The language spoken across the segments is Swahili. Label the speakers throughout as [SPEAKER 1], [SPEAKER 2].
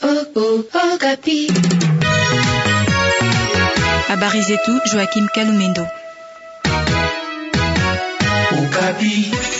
[SPEAKER 1] Oh, oh, oh, Habari zetu Joachim Kalumendo.
[SPEAKER 2] Okapi.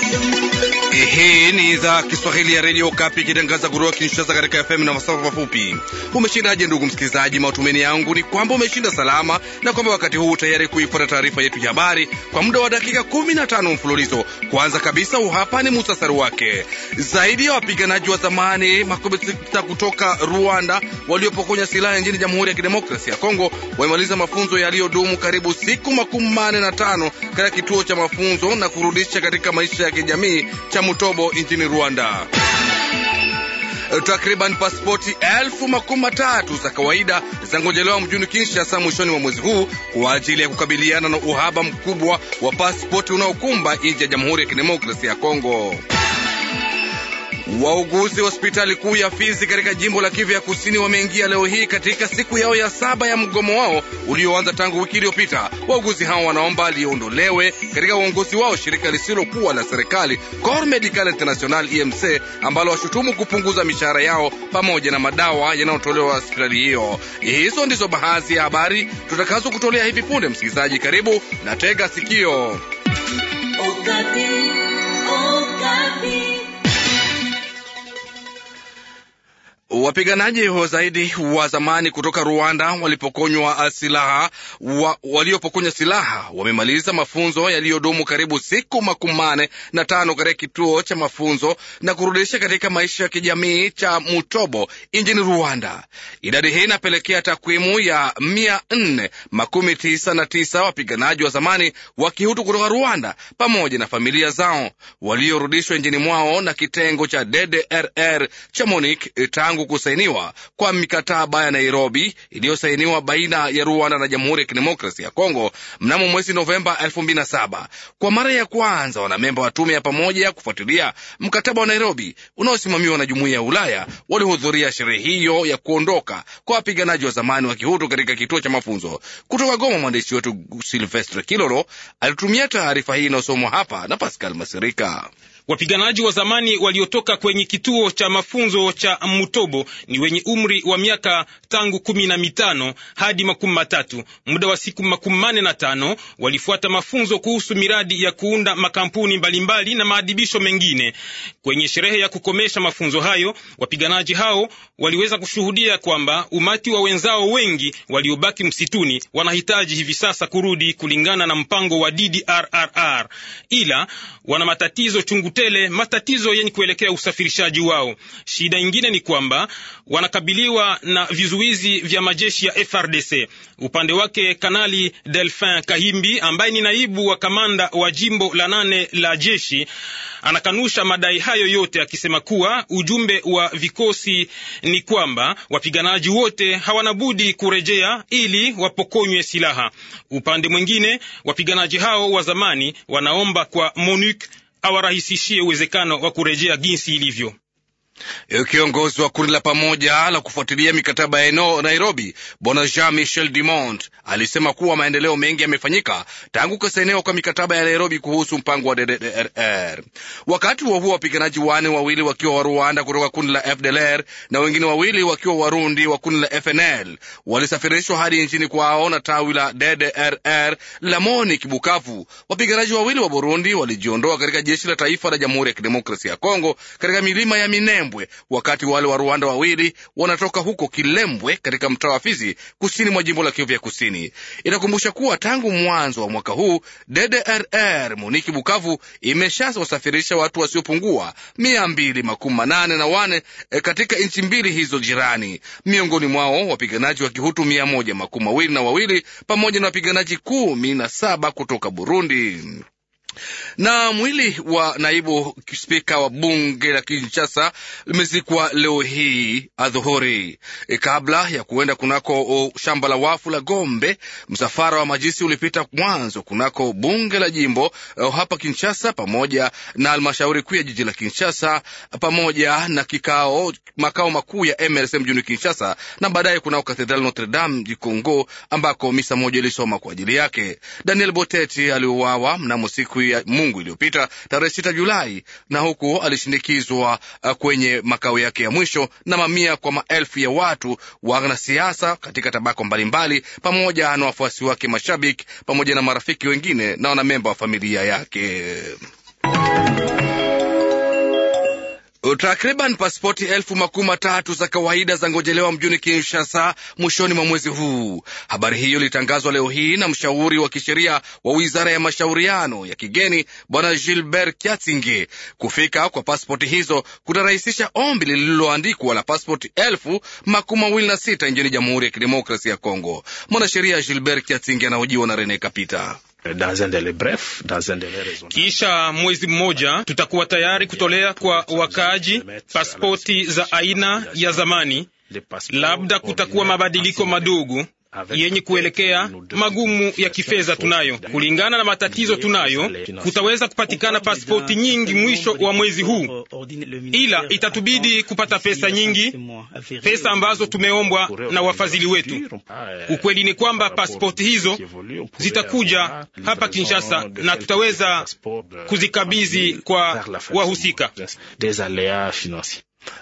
[SPEAKER 3] Hii ni idhaa Kiswahili ya redio Kapi ikitangaza kutoka Kinshasa katika FM na masafa mafupi. Umeshindaje ndugu msikilizaji? Matumaini yangu ni kwamba umeshinda salama na kwamba wakati huu tayari kuifuata taarifa yetu ya habari kwa muda wa dakika 15 mfululizo. Kwanza kabisa, uhapa ni muhtasari wake. Zaidi ya wapiganaji wa zamani makumi sita kutoka Rwanda waliopokonya silaha nchini Jamhuri ya Kidemokrasia ya Kongo wamemaliza mafunzo yaliyodumu karibu siku makumi manne na tano katika kituo cha mafunzo na kurudisha katika maisha ya kijamii cha Muto Butobo nchini Rwanda. Takriban pasipoti elfu makumi matatu za kawaida zitangojelewa mjini Kinshasa mwishoni mwa mwezi huu kwa ajili ya kukabiliana na uhaba mkubwa wa pasipoti unaokumba nchi ya Jamhuri ya Kidemokrasia ya Kongo. Wauguzi wa hospitali kuu ya Fizi katika jimbo la Kivu ya Kusini wameingia leo hii katika siku yao ya saba ya mgomo wao ulioanza tangu wiki iliyopita. Wauguzi hao wanaomba liondolewe katika uongozi wao shirika lisilokuwa la serikali Corps Medical International EMC ambalo washutumu kupunguza mishahara yao pamoja na madawa yanayotolewa hospitali hiyo. Hizo ndizo baadhi ya habari tutakazo kutolea hivi punde. Msikilizaji, karibu na tega sikio Ukati. Wapiganaji wa zaidi wa zamani kutoka Rwanda walipokonywa silaha wa, waliopokonywa silaha wamemaliza mafunzo yaliyodumu karibu siku makumi manne na tano katika kituo cha mafunzo na kurudisha katika maisha ya kijamii cha Mutobo nchini Rwanda. Idadi hii inapelekea takwimu ya mia nne makumi tisa na tisa wapiganaji wa zamani wa Kihutu kutoka Rwanda pamoja na familia zao waliorudishwa nchini mwao na kitengo cha DDRR cha Monique tangu kusainiwa kwa mikataba ya Nairobi iliyosainiwa baina ya Rwanda na Jamhuri ya Kidemokrasia ya Kongo mnamo mwezi Novemba 2007. Kwa mara ya kwanza wanamemba wa tume ya pamoja ya kufuatilia mkataba wa Nairobi unaosimamiwa na Jumuiya ya Ulaya walihudhuria sherehe hiyo ya kuondoka kwa wapiganaji wa zamani wa Kihutu katika kituo cha mafunzo. Kutoka Goma, mwandishi wetu Silvestre Kilolo alitumia taarifa hii inayosomwa hapa na Pascal Masirika.
[SPEAKER 2] Wapiganaji wa zamani waliotoka kwenye kituo cha mafunzo cha Mutobo ni wenye umri wa miaka tangu kumi na mitano hadi makumi matatu. Muda wa siku makumi manne na tano walifuata mafunzo kuhusu miradi ya kuunda makampuni mbalimbali na maadibisho mengine. Kwenye sherehe ya kukomesha mafunzo hayo, wapiganaji hao waliweza kushuhudia kwamba umati wa wenzao wengi waliobaki msituni wanahitaji hivi sasa kurudi kulingana na mpango wa DDRRR, ila wana matatizo chungu tele matatizo yenye kuelekea usafirishaji wao. Shida nyingine ni kwamba wanakabiliwa na vizuizi vya majeshi ya FRDC. Upande wake, Kanali Delfin Kahimbi ambaye ni naibu wa kamanda wa jimbo la nane la jeshi anakanusha madai hayo yote, akisema kuwa ujumbe wa vikosi ni kwamba wapiganaji wote hawana budi kurejea ili wapokonywe silaha. Upande mwingine, wapiganaji hao wa zamani wanaomba kwa MONUC awarahisishie uwezekano wa kurejea jinsi ilivyo.
[SPEAKER 3] Kiongozi wa kundi la pamoja la kufuatilia mikataba ya Nairobi, Bwana Jean Michel Dumont alisema kuwa maendeleo mengi yamefanyika tangu kusainiwa kwa mikataba ya Nairobi kuhusu mpango wa DDR. Wakati huo huo, wapiganaji wane, wawili wakiwa wa Rwanda kutoka kundi la FDLR na wengine wawili wakiwa Warundi wa kundi la FNL walisafirishwa hadi nchini kwao na tawi la DDRR la MONUC Bukavu. Wapiganaji wawili wa Burundi walijiondoa katika jeshi la taifa la Jamhuri ya Kidemokrasia ya Kongo katika milima ya Minembwe Kilembwe, wakati wale wa Rwanda wawili wanatoka huko Kilembwe katika mtaa wa Fizi, kusini mwa jimbo la Kivu ya Kusini. Inakumbusha kuwa tangu mwanzo wa mwaka huu DDRR Muniki Bukavu imeshawasafirisha watu wasiopungua mia mbili makumi manane na wane eh, katika nchi mbili hizo jirani, miongoni mwao wapiganaji wa Kihutu mia moja makumi mawili na wawili pamoja na wapiganaji kumi na saba kutoka Burundi. Na mwili wa naibu spika wa bunge la Kinshasa limezikwa leo hii adhuhuri, e, kabla ya kuenda kunako shamba la wafu la Gombe. Msafara wa majisi ulipita mwanzo kunako bunge la jimbo hapa Kinshasa pamoja na halmashauri kuu ya jiji la Kinshasa pamoja na kikao makao makuu ya MRC mjini Kinshasa na baadaye kunao kathedral Notre Dame di Congo ambako misa moja ilisoma kwa ajili yake. Daniel Boteti aliuawa mnamo siku ya Mungu iliyopita tarehe sita Julai, na huku alishindikizwa uh, kwenye makao yake ya mwisho na mamia kwa maelfu ya watu, wanasiasa katika tabaka mbalimbali, pamoja na wafuasi wake, mashabiki pamoja na marafiki wengine na wanamemba wa familia yake. Takriban pasipoti elfu makumi matatu za kawaida za ngojelewa mjini Kinshasa mwishoni mwa mwezi huu. Habari hiyo ilitangazwa leo hii na mshauri wa kisheria wa wizara ya mashauriano ya kigeni Bwana Gilbert Kyatsinge. Kufika kwa pasipoti hizo kutarahisisha ombi lililoandikwa la pasipoti elfu makumi mawili na sita nchini Jamhuri ya Kidemokrasi ya Kongo. Mwanasheria Gilbert Kyatsinge anahojiwa na Rene Kapita. Eh, Kisha mwezi mmoja
[SPEAKER 2] tutakuwa tayari kutolea kwa wakaaji pasipoti za aina ya zamani. Labda kutakuwa mabadiliko madogo, yenye kuelekea magumu ya kifedha tunayo. Kulingana na matatizo tunayo, kutaweza kupatikana pasipoti nyingi mwisho wa mwezi huu,
[SPEAKER 1] ila itatubidi kupata pesa nyingi,
[SPEAKER 2] pesa ambazo tumeombwa na wafadhili wetu. Ukweli ni kwamba pasipoti hizo zitakuja hapa Kinshasa na tutaweza kuzikabidhi
[SPEAKER 3] kwa wahusika.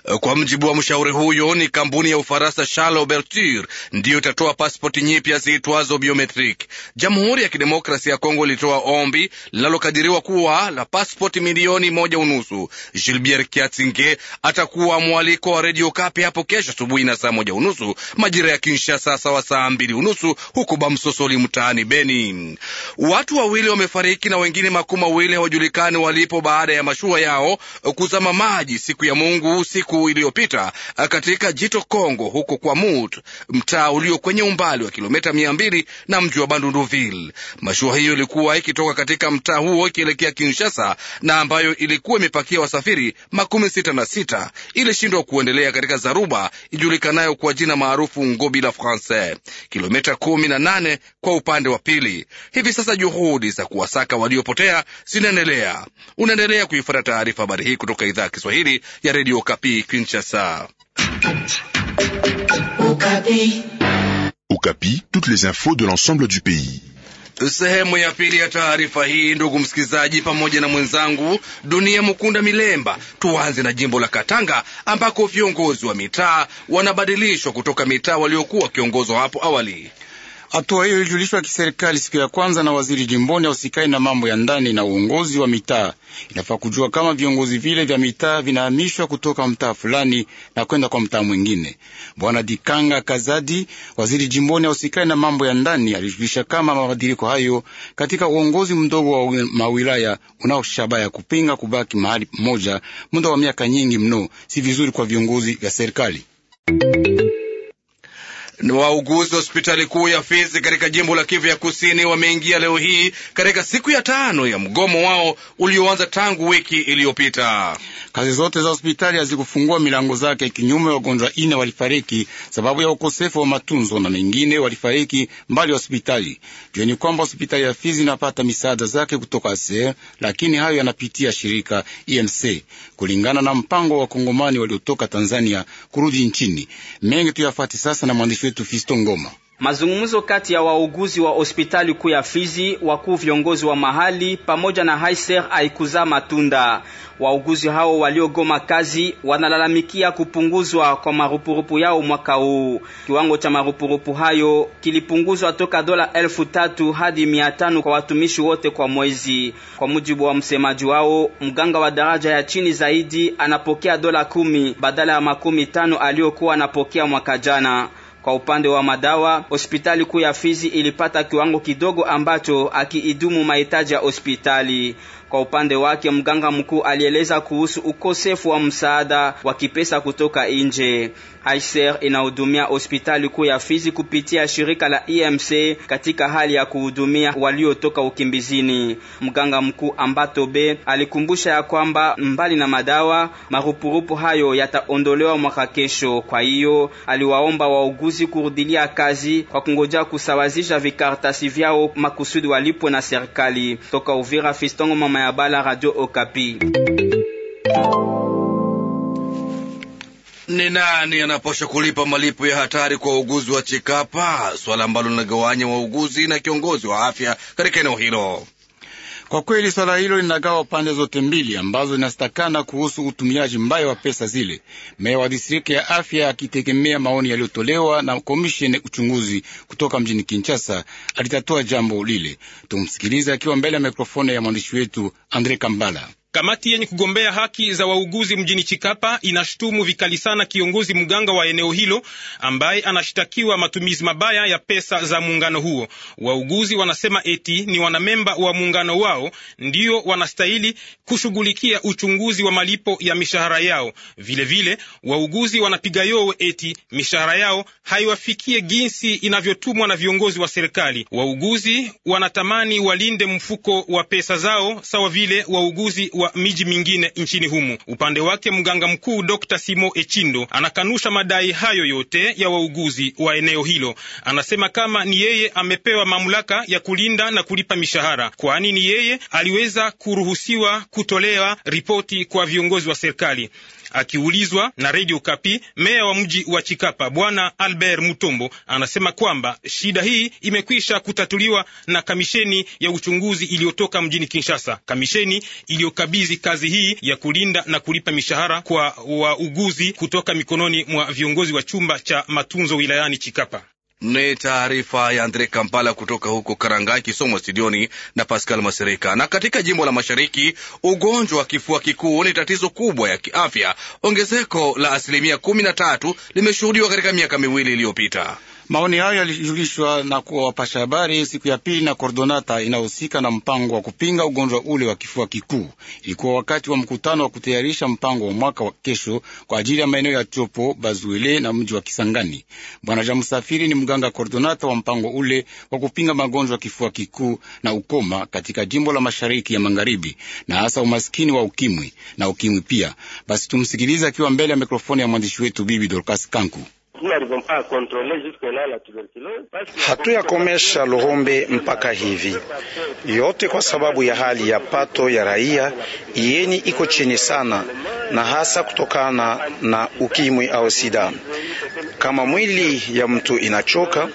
[SPEAKER 3] Eh, kwa mjibu wa mshauri huyo, ni kampuni ya Ufaransa Charles Berture ndiyo itatoa pasipoti nyipya ziitwazo biometric. Jamhuri ya Kidemokrasia ya Kongo ilitoa ombi linalokadiriwa kuwa la pasipoti milioni moja unusu. Gilbert Kiatinge atakuwa mwaliko wa redio Kapi hapo kesho asubuhi na saa moja unusu majira ya Kinshasa, sawa saa mbili unusu huku Bamsosoli mtaani Beni. Watu wawili wamefariki na wengine makumi mawili hawajulikani walipo baada ya mashua yao kuzama maji siku ya Mungu siku iliyopita eh, katika jito Kongo huko kwa Mut, mtaa ulio kwenye umbali wa kilomita mia mbili na mji wa Bandunduville. Mashua hiyo ilikuwa ikitoka katika mtaa huo ikielekea Kinshasa na ambayo ilikuwa imepakia wasafiri makumi sita na sita ilishindwa kuendelea katika zaruba ijulikanayo kwa jina maarufu Ngobi la Francais, kilomita kumi na nane kwa upande wa pili. Hivi sasa juhudi za kuwasaka waliopotea zinaendelea. Unaendelea kuifuata taarifa habari hii kutoka idhaa ya Kiswahili ya redio Okapi Kinshasa.
[SPEAKER 1] Okapi.
[SPEAKER 2] Okapi, toutes les infos de l'ensemble du pays.
[SPEAKER 3] Sehemu ya pili ya taarifa hii, ndugu msikilizaji, pamoja na mwenzangu Dunia Mukunda Milemba. Tuanze na jimbo la Katanga ambako viongozi wa mitaa wanabadilishwa kutoka mitaa waliokuwa wakiongozwa hapo awali.
[SPEAKER 4] Hatua hiyo ilijulishwa kiserikali siku ya kwanza na waziri jimboni ausikai na mambo ya ndani na uongozi wa mitaa. Inafaa kujua kama viongozi vile vya mitaa vinahamishwa kutoka mtaa fulani na kwenda kwa mtaa mwingine. Bwana Dikanga Kazadi, waziri jimboni ausikai na mambo ya ndani, alijulisha kama mabadiliko hayo katika uongozi mdogo wa mawilaya unaoshabaha ya kupinga kubaki mahali moja muda wa miaka nyingi mno si vizuri kwa viongozi vya serikali.
[SPEAKER 3] Wauguzi wa hospitali kuu ya Fizi katika jimbo la Kivu ya Kusini wameingia leo hii katika siku ya tano ya mgomo wao ulioanza tangu wiki
[SPEAKER 4] iliyopita. Kazi zote za hospitali hazikufungua milango zake, kinyume wagonjwa ine walifariki sababu ya ukosefu wa matunzo na mengine walifariki mbali ya hospitali. Jueni kwamba hospitali ya Fizi inapata misaada zake kutoka ase lakini hayo yanapitia shirika IMC e kulingana na mpango wa wakongomani waliotoka Tanzania kurudi nchini. Mengi tuyafati sasa na mwandishi wetu Fisto Ngoma.
[SPEAKER 1] Mazungumzo kati ya wauguzi wa hospitali kuu ya Fizi, wakuu viongozi wa mahali pamoja na Haiser haikuzaa matunda. Wauguzi hao waliogoma kazi wanalalamikia kupunguzwa kwa marupurupu yao mwaka huu. Kiwango cha marupurupu hayo kilipunguzwa toka dola elfu tatu hadi mia tano kwa watumishi wote kwa mwezi. Kwa mujibu wa msemaji wao, mganga wa daraja ya chini zaidi anapokea dola kumi badala ya makumi tano aliyokuwa anapokea mwaka jana. Kwa upande wa madawa, hospitali kuu ya Fizi ilipata kiwango kidogo ambacho akiidumu mahitaji ya hospitali. Kwa upande wake, mganga mkuu alieleza kuhusu ukosefu wa msaada wa kipesa kutoka nje. HCR inahudumia hospitali kuu ya Fizi kupitia shirika la EMC katika hali ya kuhudumia waliotoka ukimbizini. Mganga mkuu Ambato B alikumbusha ya kwamba mbali na madawa, marupurupu hayo yataondolewa mwaka kesho. Kwa hiyo aliwaomba wauguzi kurudilia kazi kwa kungoja kusawazisha vikaratasi vyao makusudi walipwe na serikali. Toka Uvira, Fistongo mama Mayabala, Radio Okapi.
[SPEAKER 3] Ni nani anapaswa kulipa malipo ya hatari kwa wauguzi wa Chikapa, swala ambalo linagawanya wauguzi na kiongozi wa afya katika eneo hilo?
[SPEAKER 4] Kwa kweli swala hilo
[SPEAKER 3] linagawa pande zote mbili
[SPEAKER 4] ambazo zinastakana kuhusu utumiaji mbaya wa pesa zile. Meya wa distrikti ya afya akitegemea maoni yaliyotolewa na komisheni uchunguzi kutoka mjini Kinshasa alitatua jambo lile. Tumsikilize akiwa mbele ya mikrofoni ya mwandishi wetu Andre Kambala.
[SPEAKER 2] Kamati yenye kugombea haki za wauguzi mjini Chikapa inashutumu vikali sana kiongozi mganga wa eneo hilo ambaye anashtakiwa matumizi mabaya ya pesa za muungano huo. Wauguzi wanasema eti ni wanamemba wa muungano wao ndio wanastahili kushughulikia uchunguzi wa malipo ya mishahara yao. Vilevile vile, wauguzi wanapiga yowe eti mishahara yao haiwafikie jinsi inavyotumwa na viongozi wa serikali. Wauguzi wanatamani walinde mfuko wa pesa zao sawa vile wauguzi wa wa miji mingine nchini humo. Upande wake mganga mkuu Dr. Simo Echindo anakanusha madai hayo yote ya wauguzi wa eneo hilo. Anasema kama ni yeye amepewa mamlaka ya kulinda na kulipa mishahara, kwani ni yeye aliweza kuruhusiwa kutolewa ripoti kwa viongozi wa serikali. Akiulizwa na redio Kapi, meya wa mji wa Chikapa bwana Albert Mutombo anasema kwamba shida hii imekwisha kutatuliwa na kamisheni ya uchunguzi iliyotoka mjini Kinshasa, kamisheni iliyokabidhi kukabidhi kazi hii ya kulinda na kulipa mishahara kwa wauguzi kutoka mikononi mwa viongozi wa
[SPEAKER 3] chumba cha matunzo wilayani Chikapa. Ni taarifa ya Andre Kampala kutoka huko Karanga ikisomwa studioni na Pascal Masereka. Na katika jimbo la mashariki, ugonjwa wa kifua kikuu ni tatizo kubwa ya kiafya. Ongezeko la asilimia kumi na tatu limeshuhudiwa katika miaka miwili iliyopita.
[SPEAKER 4] Maoni hayo yalijulishwa na kuwa wapasha habari siku ya pili na kordonata inayohusika na mpango wa kupinga ugonjwa ule wa kifua kikuu. Ilikuwa wakati wa mkutano wa kutayarisha mpango wa mwaka wa kesho kwa ajili ya maeneo ya Chopo, Bazuele na mji wa Kisangani. Bwana Ja Msafiri ni mganga kordonata wa mpango ule wa kupinga magonjwa ya kifua kikuu na ukoma katika jimbo la mashariki ya magharibi, na hasa umaskini wa ukimwi na ukimwi pia. Basi tumsikilize akiwa mbele ya mikrofoni ya mwandishi wetu Bibi Dorcas Kanku.
[SPEAKER 2] Hatuyakomesha lohombe mpaka hivi yote, kwa sababu ya hali ya pato ya raia yeni iko chini sana, na hasa kutokana na ukimwi au sida. Kama mwili ya mtu inachoka,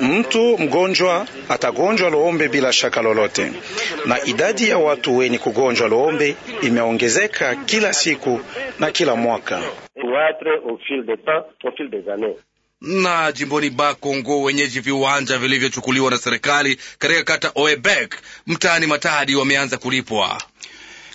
[SPEAKER 2] mtu mgonjwa atagonjwa Lurumbe bila shaka lolote, na idadi ya watu weni kugonjwa luhombe imeongezeka kila siku na kila mwaka croître au fil des temps, au fil
[SPEAKER 3] des années na jimboni Kongo, wenyeji viwanja vilivyochukuliwa na serikali katika kata Oebek mtaani Matadi wameanza kulipwa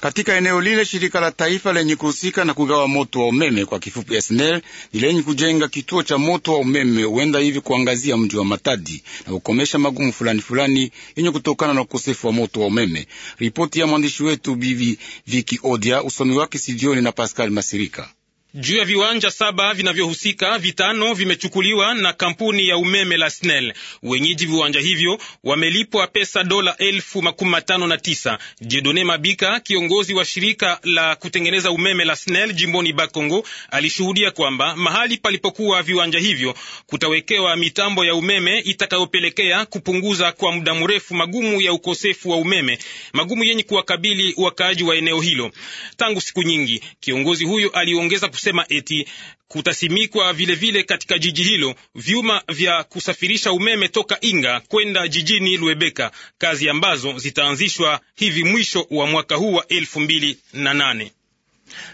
[SPEAKER 4] katika eneo lile. Shirika la taifa lenye kuhusika na kugawa moto wa umeme kwa kifupi SNEL ni lenye kujenga kituo cha moto wa umeme, huenda hivi kuangazia mji wa Matadi na kukomesha magumu fulani fulani yenye kutokana na ukosefu wa moto wa umeme. Ripoti ya mwandishi wetu Bibi Viki Odia, usomi wake Sidioni na Pascal Masirika.
[SPEAKER 2] Juu ya viwanja saba vinavyohusika, vitano vimechukuliwa na kampuni ya umeme la SNEL. Wenyeji viwanja hivyo wamelipwa pesa dola elfu makumi matano na tisa. Jedone Mabika, kiongozi wa shirika la kutengeneza umeme la SNEL jimboni Bakongo, alishuhudia kwamba mahali palipokuwa viwanja hivyo kutawekewa mitambo ya umeme itakayopelekea kupunguza kwa muda mrefu magumu ya ukosefu wa umeme, magumu yenye kuwakabili wakaaji wa eneo hilo tangu siku nyingi. Kiongozi huyo aliongeza alisema eti kutasimikwa vilevile vile katika jiji hilo vyuma vya kusafirisha umeme toka Inga kwenda jijini Luebeka, kazi ambazo zitaanzishwa hivi mwisho wa mwaka huu wa elfu mbili na nane.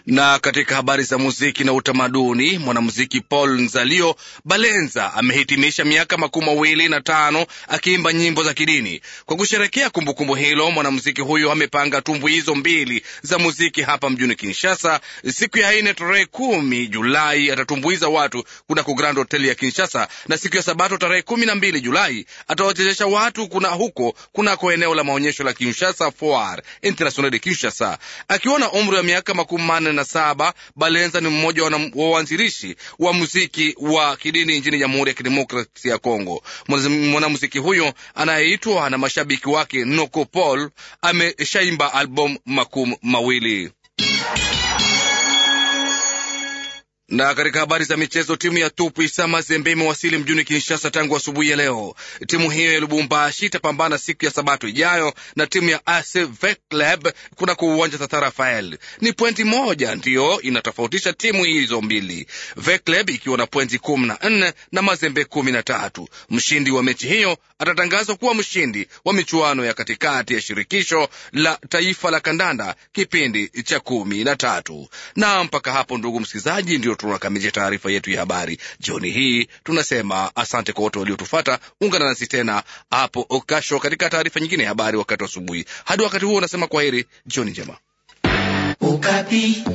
[SPEAKER 3] Na katika habari za muziki na utamaduni, mwanamuziki Paul Nzalio Balenza amehitimisha miaka makumi mawili na tano akiimba nyimbo za kidini. Kwa kusherekea kumbukumbu hilo, mwanamuziki huyo amepanga tumbuizo hizo mbili za muziki hapa mjini Kinshasa. Siku ya nne tarehe kumi Julai atatumbuiza watu kunako Grand Hotel ya Kinshasa, na siku ya Sabato tarehe kumi na mbili Julai atawachezesha watu kuna huko kunako eneo la maonyesho la Kinshasa Foire International de Kinshasa akiwa na umri wa miaka makumi themanini na saba. Balenza ni mmoja wa waanzilishi wa muziki wa kidini nchini Jamhuri ya Kidemokrasia ya Kongo. Mwanamuziki huyo anayeitwa na mashabiki wake Noko Paul ameshaimba albamu makumi mawili. Na katika habari za michezo, timu ya tupu isa mazembe imewasili mjini Kinshasa tangu asubuhi ya leo. Timu hiyo ya Lubumbashi itapambana siku ya Sabato ijayo na timu ya AS kuna ku uwanja Tata Rafael. Ni pointi moja ndiyo inatofautisha timu hizo mbili, Veclub ikiwa na pointi kumi na nne na Mazembe kumi na tatu. Mshindi wa mechi hiyo atatangazwa kuwa mshindi wa michuano ya katikati ya shirikisho la taifa la kandanda kipindi cha kumi na tatu. Na mpaka hapo, ndugu msikilizaji, ndio tunakamilisha taarifa yetu ya habari jioni hii. Tunasema asante kwa wote waliotufata. Ungana nasi tena hapo kesho katika taarifa nyingine ya habari wakati wa asubuhi. Hadi wakati huo, unasema kwa heri jioni njema
[SPEAKER 4] Ukapi.